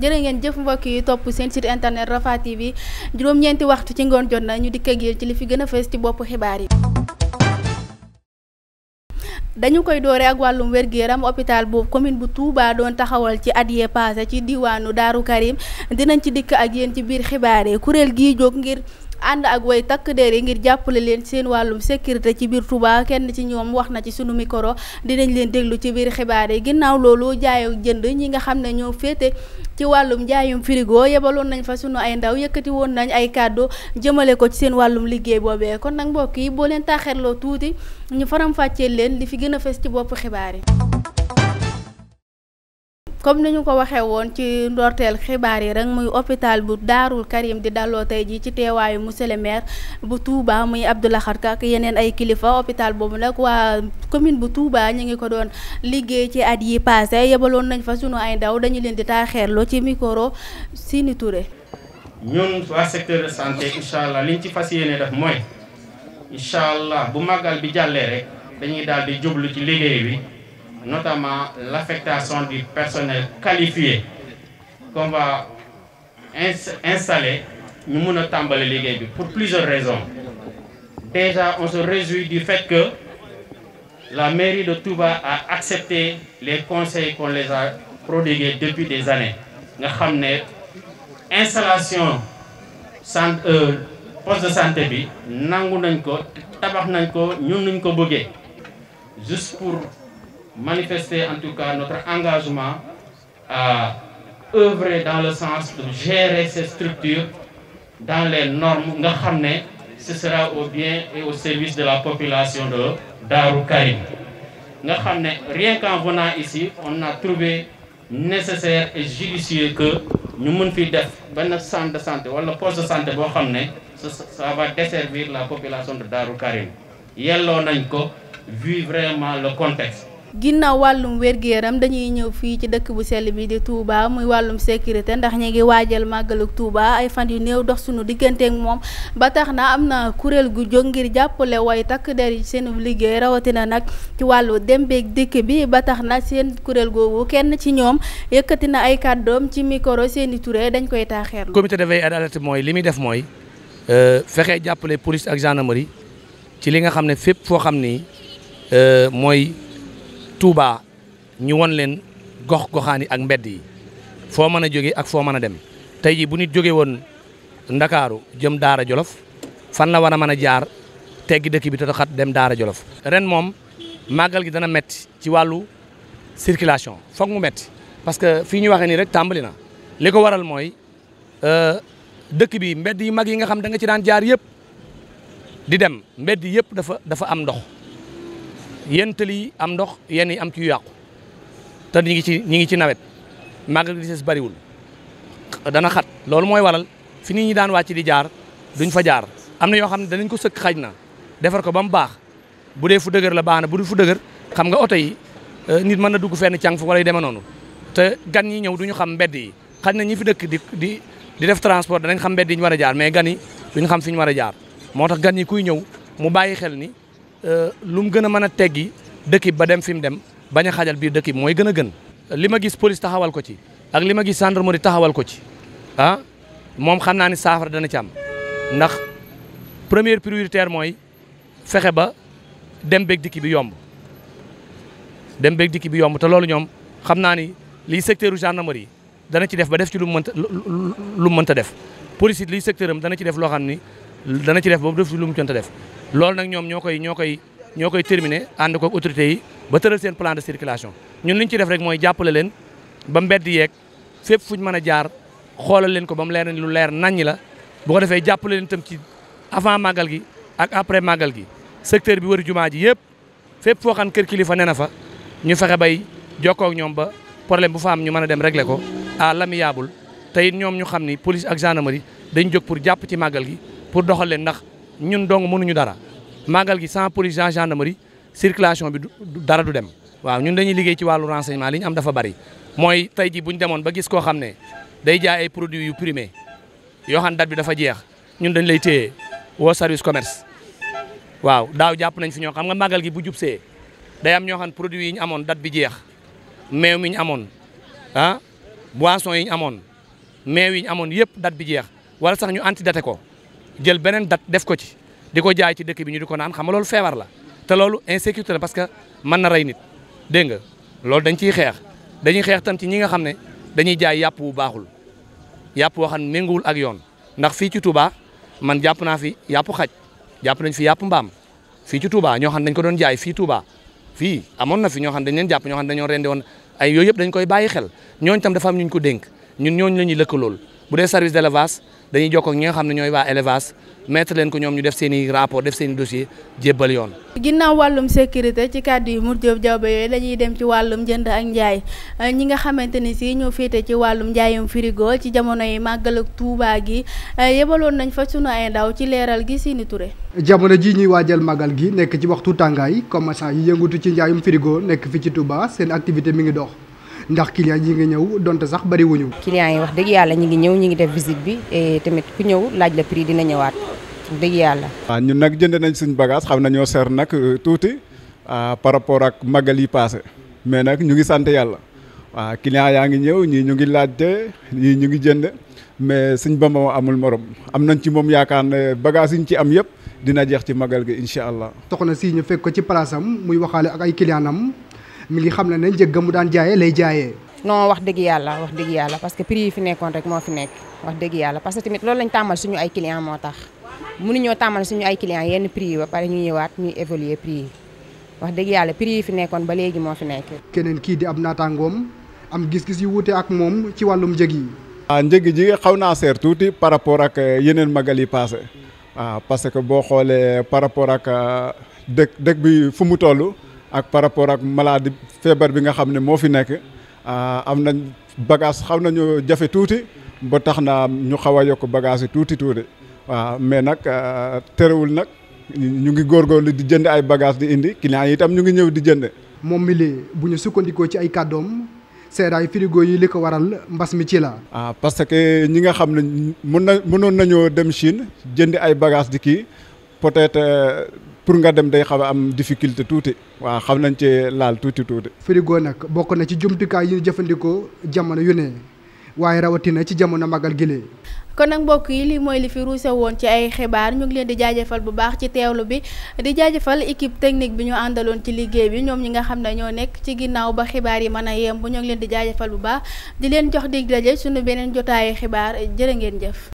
jërë ngeen jëf mbokk yi topp seen site internet rafati bi juróom waxtu ci ngoon jot na ñu dikk ak yéen ci li fi gën a fees ci boppu xibaar yi. dañu koy doore ak wàllum wér-gu-yaram hôpital boobu commune bu Touba doon taxawal ci at yee passé ci diwaanu Daaru Karim dinañ ci dikk ak yéen ci biir xibaar yi kuréel gii jóg ngir. ànd ak woy takk déer yi ngir jàppale leen seen wàllum sécurité ci biir Touba kenn ci ñoom wax na ci sunu micro dinañ leen déglu ci biir xibaar yi ginnaaw loolu jaay jënd ñi nga xam ne ñoo féete ci wàllum jaayum frigo yebaloon nañ fa sunu ay ndaw yëkkati woon nañ ay kàddu jëmale ko ci seen wàllum liggéey boobee kon nag mbokk yi boo leen taaxeetloo tuuti ñu faram fàccee leen li fi gën a fes ci boppu xibaar yi comme ni ñu ko waxee woon ci ndorteel xibaar yi rek muy hôpital bu Daarul Karim di daloo tey jii ci teewaayu monsieur maire bu Touba muy Abdou Lahad Ka yeneen ay kilifa hôpital boobu nag waa commune bu Touba ñu ngi ko doon liggéey ci at yi passé yebaloon nañ fa sunu ay ndaw dañu leen di taaxeerloo ci micro Sini Touré. ñun waa secteur de santé incha allah liñ ci fas yéene def mooy incha allah bu màggal bi jàllee rek dañuy daal jublu ci liggéey bi. notamment l'affectation du personnel qualifié qu'on va ins installer ñu mun a tàmbali liggéey bi pour plusieurs raisons déjà on se réjouit du fait que la mairie de Touba a accepté les conseils qu'on les a prodigués depuis des années nga xam ne installation sant euh, poste de santé bi nangu nañ ko tabax nañ ko ñun nuñ ko bëggee juste pour manifester en tout cas notre engagement à œuvrer dans le sens de gérer ces structures dans les normes nga xam ne ce sera au bien et au service de la population de Darou Karim nga xam ne rien qu'en venant ici on a trouvé nécessaire et judicieux que ñu mën fi def benn centre de santé wala poste de santé boo xam ne ça va desservir la population de Darou Karim yelloo nañ ko vu vraiment le contexte ginnaaw wàllum wér-gu-yaram dañuy ñëw fii ci dëkk bu sell bi di Touba muy wàllum sécurité ndax ñu ngi waajal màggalug Touba ay fan yu néew dox sunu digganteeg moom ba tax na am na kuréel gu jóg ngir jàppale way takk der yi seen liggéey rawatina nag ci wàllu dem beeg dikk bi ba tax na seen kuréel googu kenn ci ñoom yëkkati na ay kàddoom ci micro seeni Touré dañ koy taaxeerlu. comité de veille à l'alerte mooy li muy def mooy euh, fexe jàppale police ak gendarmerie ci li nga xam ne fépp foo xam ni euh, mooy. Touba ñu won leen gox goxaan yi ak mbedd yi foo mën a jóge ak foo mën a dem tey jii bu nit jóge woon Ndakaaru jëm daar Daara Jolof fan la war a mën a jaar teggi dëkk bi te xat dem Daara Jolof. ren moom màggal gi dana metti ci wàllu circulation foog mu metti parce que fii ñu waxee nii rek tàmbali na li ko waral mooy euh, dëkk bi mbedd yu mag yi nga xam da nga ci daan jaar yëpp di dem mbedd yëpp dafa dafa am ndox. yenn tëli yi am ndox yenn yi am ci yu yàqu te ñu ngi ci ñu ngi ci nawet màggal gi des bariwul dana xat loolu mooy waral fi ni ñi daan wàcc di jaar duñ fa jaar am na yoo xam ne danañ ko sëkk xaj na defar ko ba mu baax bu dee fu dëgër la baax na bu dee fu dëgër xam nga oto yi euh, nit mën na dugg fenn càng fa wala yu demee noonu te gan ñi ñëw duñu xam mbedd yi xaj na ñi fi dëkk di di di def transport danañ xam mbedd yi ñu war a jaar mais gan yi duñu xam fi ñu war a jaar moo tax gan ñi kuy ñëw mu bàyyi xel ni Euh, lu mu gën a mën a teggi dëkk ba dem fi mu dem bañ a xajal biir dëkk bi mooy gën a gën. li ma gis police taxawal ko ci ak li ma gis gendarmerie taxawal ko ci ah moom xam naa ni saafara dana ci am ndax première prioritaire mooy fexe ba dem beeg dikki bi yomb dem beeg dikki bi yomb te loolu ñoom xam naa ni lii secteur gendarmerie dana ci def ba def ci lu mu mënta lu mënta def police it lii secteur am dana ci def loo xam ni. dana ci def boobu def lu mu conte def loolu nag ñoom ñoo koy ñoo koy ñoo koy terminé ànd ko autorités yi ba tëral seen plan de circulation ñun li ñu ci def rek mooy jàppale leen ba mbedd yeeg fépp fuñ mën a jaar xoolal leen ko ba mu leer lu leer naññ la boo ko defee jàppale leen tam ci avant màggal gi ak après màggal gi secteur bi wër jumaa ji yëpp fépp foo xam kër kilifa ne na fa ñu fexe bay jokkoo ñoom ba problème bu fa am ñu mën a dem regle ko à l'amiable te it ñoom ñu xam ni police ak gendarmerie dañ jog pour jàpp ci màggal gi pour doxal leen ndax ñun dong mënuñu dara màggal gi sans police gendarmerie circulation bi dara du dem waaw ñun dañuy liggéey ci wàllu renseignement li ñu am dafa bari mooy tey ji bu ñu demoon ba gis koo xam ne day jaay produit produits yu primé yoo xam date bi dafa jeex ñun dañ lay téye woo service commerce waaw daaw jàpp nañ fi ñoo xam nga màggal gi bu jub see day am ñoo xam produit yi ñu amoon date bi jeex meew miñ amoon ah boisson yi amoon meew yiñ amoon yëpp dat bi jeex wala sax ñu antidaté ko jël beneen date def ko ci di ko jaay ci dëkk bi ñu di ko naan xam nga loolu feebar la te loolu insécurité parce que man na ray nit dégg nga loolu dañ ciy xeex dañuy xeex tam ci ñi nga xam ne dañuy jaay yàpp wu baaxul yàpp woo xam ne ménguwul ak yoon ndax fii ci Touba man jàpp naa fi yàpp xaj jàpp nañ fi yàpp mbaam fii ci Touba ñoo xam ne dañ ko doon jaay fii Touba fii amoon na fi ñoo xam ne dañ leen jàpp ñoo xam ne dañoo rendi woon ay yooyu yëpp dañ koy bàyyi xel ñooñ tam dafa am ñu ko dénk ñun ñooñu la ñuy lëkkalool bu dee service d'élevage dañuy jokkoo ak ñi nga xam ne ñooy waa élevage mettre leen ko ñoom ñu def seeni rapport def seen i dossier jébbal yoon. ginnaaw wàllum sécurité ci kàddu yi Modou Diop Diaobé yooyu dañuy dem ci wàllum jënd ak njaay euh, ñi nga xamante ni si ñoo féete ci wàllum njaayum frigo ci jamono yi màggal ak Tuubaa gi euh, yebaloon nañ fa sunu ay ndaw ci leeral gi Sini ture jamono ji ñuy waajal màggal gi nekk ci waxtu tàngaay commerçant yi yëngatu ci njaayum frigo nekk fi ci Touba seen activité mi ngi dox. ndax client yi nga ñëw donte sax bari wuñu client yi wax dëgg yàlla ñi ngi ñëw ñi ngi def visite bi et tamit ku ñëw laaj la prix dina ñëwaat dëgg yàlla. waaw ah, ñun nag jënde nañ suñ bagage xam nañoo seer nag euh, tuuti ah, par rapport ak magal yi passé mais nag ñu ngi sant yàlla waaw ah, client yaa ngi ñëw ñii ñu ngi laajte ñii ñu ngi jënd mais suñ Bamba moo amul morom am nañ ci moom yaakaar ne bagage yi ñu ci am yëpp dina jeex ci magal gi incha allah. na si ñu fekk ko ci place am muy waxaale ak ay client mi ngi xam ne ne njëgg mu daan jaayee lay jaayee. non wax dëgg yàlla wax dëgg yàlla parce que prix yi fi nekkoon rek moo fi nekk wax dëgg yàlla parce que tamit loolu lañ tàmmal suñu ay client moo tax ñoo tàmmal suñu ay client yenn prix yi ba pare ñu ñëwaat ñuy évoluer prix yi wax dëgg yàlla prix yi fi nekkoon ba léegi moo fi nekk. keneen kii di ab naataangoom am gis-gis yu wuute ak moom ci wàllum njëg yi. ah njëg ji xaw naa seer tuuti par rapport ak eh, yeneen magal yi paase. Ah, waaw que boo xoolee par rapport ak eh, dëkk dëkk bi fu mu toll. ak par rapport ak maladie feebar bi nga xam ne moo fi nekk ah, am na bagage xaw nañu jafe tuuti ba tax na ñu xaw a yokk bagage yi tuuti tuuti waa ah, mais nag ah, terewul nag ñu ngi góorgóorlu di jënd ay bagage di indi clients yi itam ñu ngi ñëw di jënd. moom mi li bu ñu sukkandikoo ci ay kàddoom seeraay frigo yi li ko waral mbas mi ci la. ah parce que ñi nga xam ne mun na mënoon nañoo dem Chine jënd ay bagage di kii peut-être. pour nga dem day xaw a am difficulté tuuti waaw xam nañ cee laal tuuti tuuti. frigo nag bokk na ci jumtukaay yu jëfandikoo jamono yu ne waaye rawatina ci jamono magal gi kon nag mbokk yi lii mooy li fi ruuse woon ci ay xibaar ñu ngi leen di jaajafal bu baax ci teewlu bi di jaajëfal équipe technique bi ñu àndaloon ci liggéey bi ñoom ñi nga xam ne ñoo nekk ci ginnaaw ba xibaar yi mën a yem bu ñu ngi leen di jaajafal bu baax di leen jox di dig daje suñu beneen jotaayu xibaar jërë ngeen jëf